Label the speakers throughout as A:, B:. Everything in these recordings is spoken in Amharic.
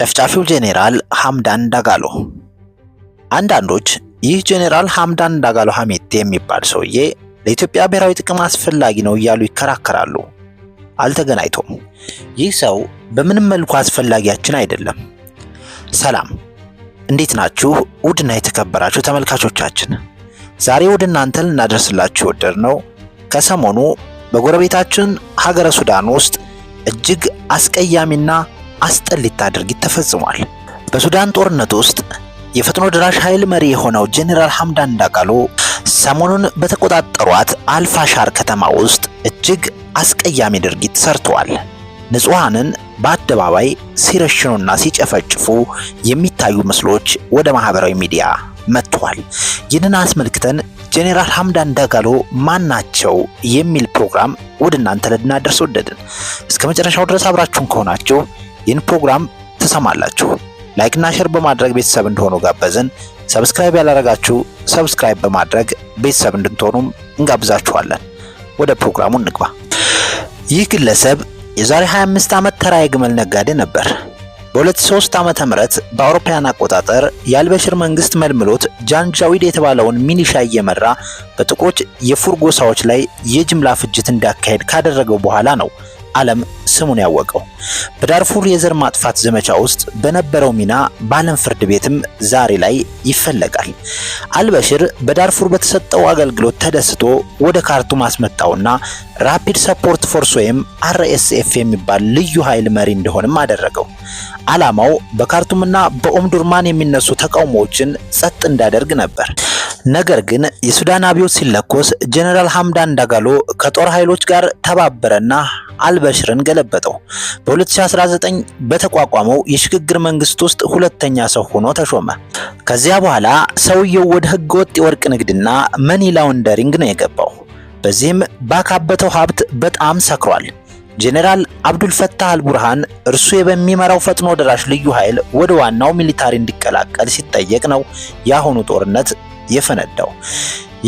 A: ጨፍጫፊው ጄኔራል ሐምዳን ዳጋሎ። አንዳንዶች ይህ ጄኔራል ሐምዳን ዳጋሎ ሐሜቴ የሚባል ሰውዬ ለኢትዮጵያ ብሔራዊ ጥቅም አስፈላጊ ነው እያሉ ይከራከራሉ። አልተገናኝቶም። ይህ ሰው በምንም መልኩ አስፈላጊያችን አይደለም። ሰላም፣ እንዴት ናችሁ? ውድና የተከበራችሁ ተመልካቾቻችን ዛሬ ወደ እናንተ ልናደርስላችሁ ወደር ነው ከሰሞኑ በጎረቤታችን ሀገረ ሱዳን ውስጥ እጅግ አስቀያሚና አስጠሊታ ድርጊት ተፈጽሟል። በሱዳን ጦርነት ውስጥ የፈጥኖ ድራሽ ኃይል መሪ የሆነው ጄኔራል ሐምዳን ዳጋሎ ሰሞኑን በተቆጣጠሯት አልፋሻር ከተማ ውስጥ እጅግ አስቀያሚ ድርጊት ሰርተዋል። ንጹሐንን በአደባባይ ሲረሽኑና ሲጨፈጭፉ የሚታዩ ምስሎች ወደ ማህበራዊ ሚዲያ መጥቷል። ይህንን አስመልክተን ጄኔራል ሐምዳን ዳጋሎ ማን ናቸው የሚል ፕሮግራም ወደ እናንተ ልናደርስ ወደድን። እስከ መጨረሻው ድረስ አብራችሁን ከሆናችሁ ይህን ፕሮግራም ትሰማላችሁ። ላይክና ሼር በማድረግ ቤተሰብ እንደሆኑ ጋበዝን። ሰብስክራይብ ያላረጋችሁ ሰብስክራይብ በማድረግ ቤተሰብ እንድትሆኑም እንጋብዛችኋለን። ወደ ፕሮግራሙ እንግባ። ይህ ግለሰብ የዛሬ 25 ዓመት ተራ የግመል ነጋዴ ነበር። በ2003 ዓመተ ምህረት በአውሮፓውያን አቆጣጠር የአልበሽር መንግስት መልምሎት ጃንጃዊድ የተባለውን ሚኒሻ እየመራ በጥቁሮች የፉር ጎሳዎች ላይ የጅምላ ፍጅት እንዳካሄድ ካደረገው በኋላ ነው ዓለም ስሙን ያወቀው። በዳርፉር የዘር ማጥፋት ዘመቻ ውስጥ በነበረው ሚና በዓለም ፍርድ ቤትም ዛሬ ላይ ይፈለጋል። አልበሽር በዳርፉር በተሰጠው አገልግሎት ተደስቶ ወደ ካርቱም አስመጣውና ራፒድ ሰፖርት ፎርስ ወይም አርኤስኤፍ የሚባል ልዩ ኃይል መሪ እንደሆንም አደረገው። ዓላማው በካርቱምና በኦምዱርማን የሚነሱ ተቃውሞዎችን ጸጥ እንዳደርግ ነበር። ነገር ግን የሱዳን አብዮት ሲለኮስ ጀነራል ሐምዳን ዳጋሎ ከጦር ኃይሎች ጋር ተባበረና አልበሽርን ገለበጠው። በ2019 በተቋቋመው የሽግግር መንግስት ውስጥ ሁለተኛ ሰው ሆኖ ተሾመ። ከዚያ በኋላ ሰውየው ወደ ወጥ የወርቅ ንግድና መኒ ላውንደሪንግ ነው የገባው። በዚህም ባካበተው ሀብት በጣም ሰክሯል። ጄኔራል አብዱልፈታህ አልቡርሃን እርሱ በሚመራው ፈጥኖ ደራሽ ልዩ ኃይል ወደ ዋናው ሚሊታሪ እንዲቀላቀል ሲጠየቅ ነው የአሁኑ ጦርነት የፈነዳው።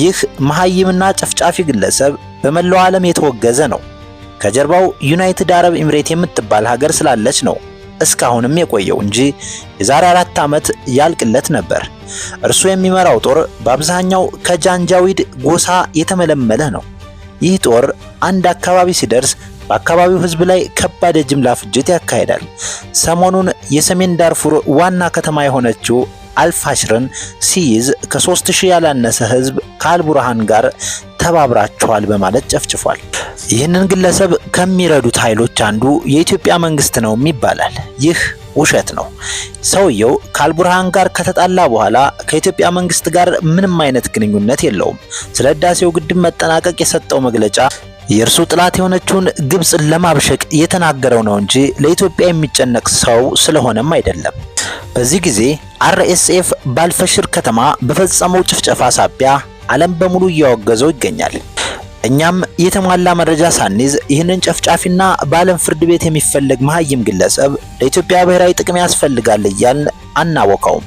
A: ይህ መሀይምና ጨፍጫፊ ግለሰብ በመላው ዓለም የተወገዘ ነው። ከጀርባው ዩናይትድ አረብ ኤምሬት የምትባል ሀገር ስላለች ነው እስካሁንም የቆየው እንጂ የዛሬ አራት ዓመት ያልቅለት ነበር። እርሱ የሚመራው ጦር በአብዛኛው ከጃንጃዊድ ጎሳ የተመለመለ ነው። ይህ ጦር አንድ አካባቢ ሲደርስ በአካባቢው ሕዝብ ላይ ከባድ የጅምላ ፍጅት ያካሂዳል። ሰሞኑን የሰሜን ዳርፉር ዋና ከተማ የሆነችው አልፋሽርን ሲይዝ ከ3000 ያላነሰ ሕዝብ ከአልቡርሃን ጋር ተባብራችኋል በማለት ጨፍጭፏል። ይህንን ግለሰብ ከሚረዱት ኃይሎች አንዱ የኢትዮጵያ መንግስት ነው ይባላል። ይህ ውሸት ነው። ሰውየው ከአልቡርሃን ጋር ከተጣላ በኋላ ከኢትዮጵያ መንግስት ጋር ምንም አይነት ግንኙነት የለውም። ስለ ህዳሴው ግድብ መጠናቀቅ የሰጠው መግለጫ የእርሱ ጥላት የሆነችውን ግብፅን ለማብሸቅ የተናገረው ነው እንጂ ለኢትዮጵያ የሚጨነቅ ሰው ስለሆነም አይደለም። በዚህ ጊዜ አርኤስኤፍ ባልፈሽር ከተማ በፈጸመው ጭፍጨፋ ሳቢያ ዓለም በሙሉ እያወገዘው ይገኛል። እኛም የተሟላ መረጃ ሳንይዝ ይህንን ጨፍጫፊና በዓለም ፍርድ ቤት የሚፈለግ መሀይም ግለሰብ ለኢትዮጵያ ብሔራዊ ጥቅም ያስፈልጋል እያልን አናወቀውም።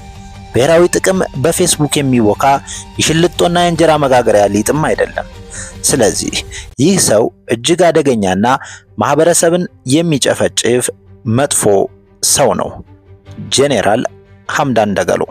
A: ብሔራዊ ጥቅም በፌስቡክ የሚወካ የሽልጦና የእንጀራ መጋገሪያ ሊጥም አይደለም። ስለዚህ ይህ ሰው እጅግ አደገኛና ማህበረሰብን የሚጨፈጭፍ መጥፎ ሰው ነው። ጄኔራል ሐምዳን ደገሎ